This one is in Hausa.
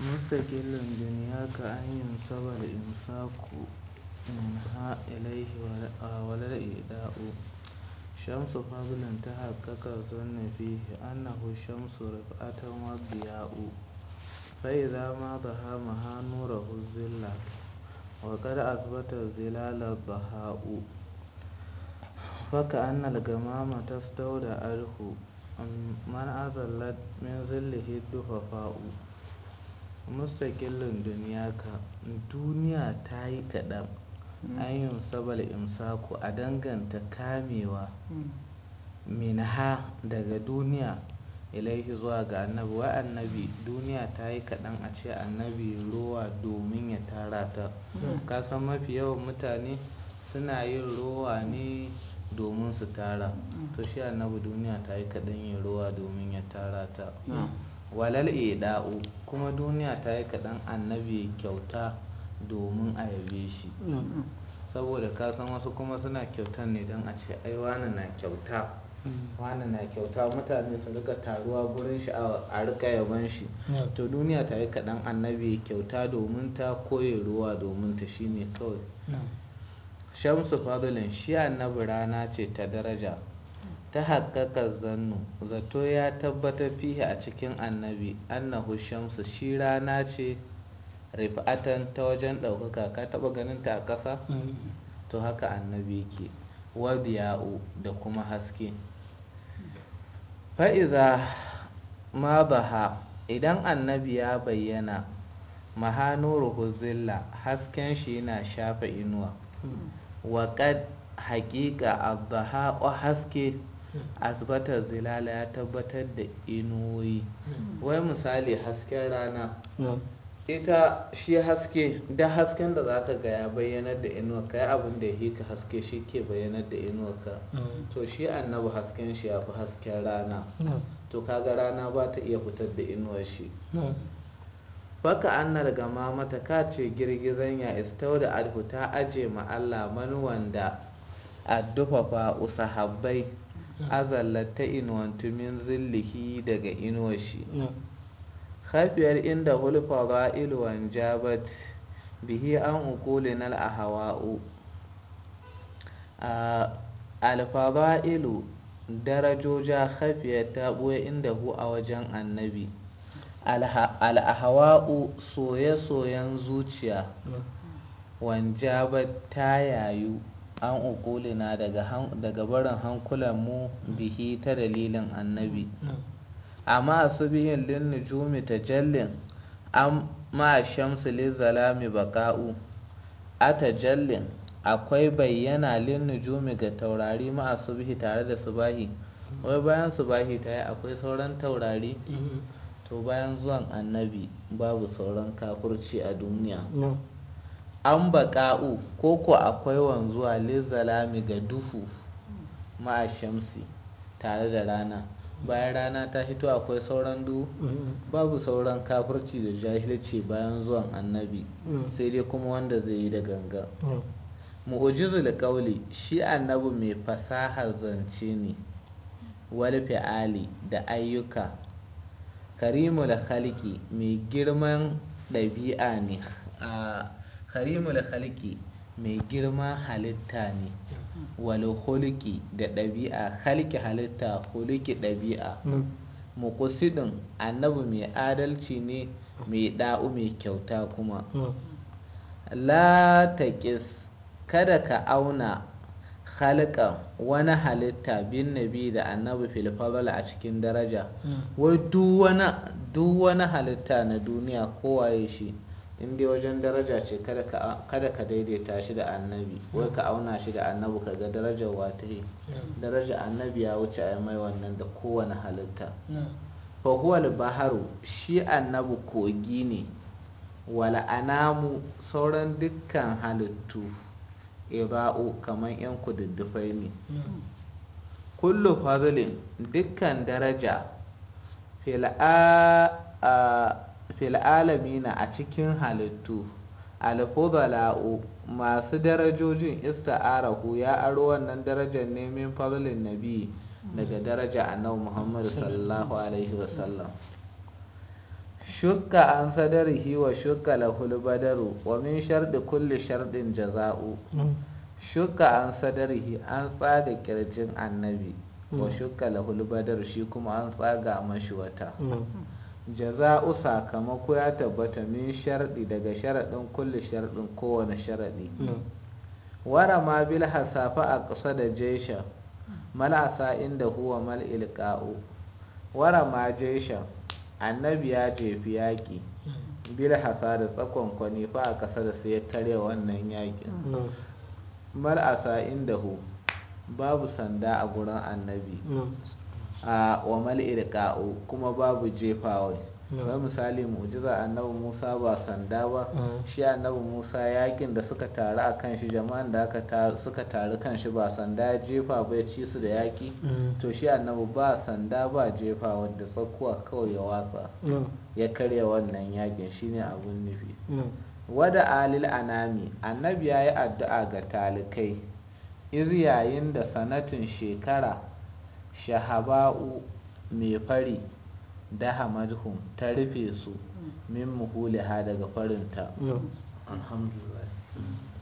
mista ƙillon ɗin ya ka an yi saboda ku in ha a walar idanu shamsu fabulon ta haƙƙaƙa sun na fiye an na shamsu rufata mafi yawu fai za ma ba ha ma zilla waƙar asibitar zilala ba ha u faka an na daga ma matasta da arhu amma an azalar min zilla hidduwa fa'u mustaƙillin duniyaka duniya ta yi kaɗan hmm. an yi sabal imsaku a danganta kamewa hmm. minha daga duniya ilaihi zuwa ga annabi wa annabi duniya ta yi kaɗan a ce annabi rowa domin ya tara ta hmm. kasan mafi yawan mutane suna yin rowa ne domin su tara to shi annabi duniya ta yi kaɗan ya rowa domin ya tara ta walal ida'u kuma duniya ta yi kaɗan annabi kyauta domin a yabe shi mm-hmm. saboda ka san wasu kuma suna kyauta ne don a ce ai wani na kyauta mm-hmm. wani na kyauta mutane su rika taruwa gurin shi a rika yaban shi to duniya ta yi kaɗan annabi kyauta domin ta koye ruwa domin ta shine kawai shamsu fadulin shi annabi rana ce ta daraja ta haƙƙaƙa zannu zato ya tabbatar fihi a cikin annabi annahu shamsu shi rana ce rif'atan ta wajen ɗaukaka ka taɓa ganin ta a ƙasa mm. to haka annabi ke wa da kuma haske fa'iza ma baha idan annabi ya bayyana mahanuruhu zilla hasken shi yana shafa inuwa mm. waƙad haƙiƙa a haske asibitar zilala ya tabbatar da inuwoyi wai misali hasken rana ita shi haske da hasken da zaka ka ga ya bayyanar da inuwarka ya abin da ya hika haske shi ke bayyanar da inuwarka to shi annabi hasken shi ya fi hasken rana to kaga rana ba ta iya fitar da inuwar shi baka annar gama mata ka ce girgizan ya istau da adhu ta aje ma Allah manuwan da addufafa usahabbai azalat ta inuwantu tumin zillihi daga inuwa shi khafiyar inda hulfa ra'il wan jabat bihi an ukulin al'ahawa'u alfara'ilu darajoja khafiyar ta ɓoye inda hu a wajen annabi al'ahawa'u soye-soyen zuciya wanjabat ta yayu an na daga barin hankulan mu bihi ta dalilin annabi amma a Linnu Jumi ta tajallin an ma shamsu lil baka'u a jallin akwai bayyana Linnu Jumi ga taurari ma a bihi tare da subahi wai bayan subahi ta yi akwai sauran taurari mm-hmm. to bayan zuwan annabi babu sauran kafurci a duniya an baƙa'u ko ko akwai wanzuwa lizalami ga duhu ma'a shamsi tare da rana bayan rana ta hito akwai sauran duhu mm-hmm. babu sauran kafirci da jahilci bayan zuwan annabi mm. sai dai kuma wanda zai yi da ganga mm. mu'ujizul ƙauli shi annabi mai fasahar zance ne walfi fi'ali da ayyuka karimul halki mai girman ɗabi'a ne a karimul khalqi mai girma halitta ne wal khuluqi da ɗabi'a khalqi halitta khuluqi ɗabi'a mm. muqsidin annabi mai adalci ne mai da'u mai kyauta kuma mm. la ta kada ka auna halka wani halitta bin nabi da annabi filfabala a cikin daraja mm. wai duk wani halitta na duniya kowaye shi in dai wajen daraja ce kada ka daidaita shi da annabi wai ka auna shi da annabi ka ga darajar wata yi daraja annabi ya wuce a mai wannan da kowane halitta fahuwal baharu shi annabi kogi ne wala anamu sauran dukkan halittu ira'u kamar 'yan kududdufai ne kullu fazilin dukkan daraja fila'a. a fil alamina a cikin halittu alfubala'u masu darajojin ista'arahu ya aro wannan darajar nemin fadlin nabi daga daraja annabi muhammadu sallallahu alaihi wasallam shukka an sadarihi wa shukka lahul badaru wa min sharɗi kulli sharɗin jaza'u shukka an sadarihi an tsaga kirjin annabi wa shukka lahul badaru shi kuma an tsaga mashi wata jaza'u sakamako ya tabbata min sharɗi daga sharaɗin kulle sharaɗin kowane sharaɗi hmm. wara ma bil hasafa a ƙasa da jesha malasa inda huwa mal ilqa'u wara ma jesha annabi ya jefi yaƙi hmm. bil hasa da tsakon kwani fa a ƙasa da sai ya tare wannan yaƙin hmm. malasa inda hu babu sanda a gurin annabi a wa mal kuma babu jefawa wai misali mu'jiza annabi Musa ba sanda ba mm. shi annabi Musa yakin da suka taru a kan shi jama'an da aka suka taru kan shi ba sanda ya jefa bai ci su da yaki mm. to shi annabi ba sanda ba jefa wanda tsakuwa kawai ya watsa ya karya wannan yakin shine abun nufi wada alil anami annabi ya yi addu'a ga talikai iz yayin da sanatin shekara shahaba'u mai fari da hamadhum ta rufe su mm. min muhuliha daga farinta alhamdulillah mm.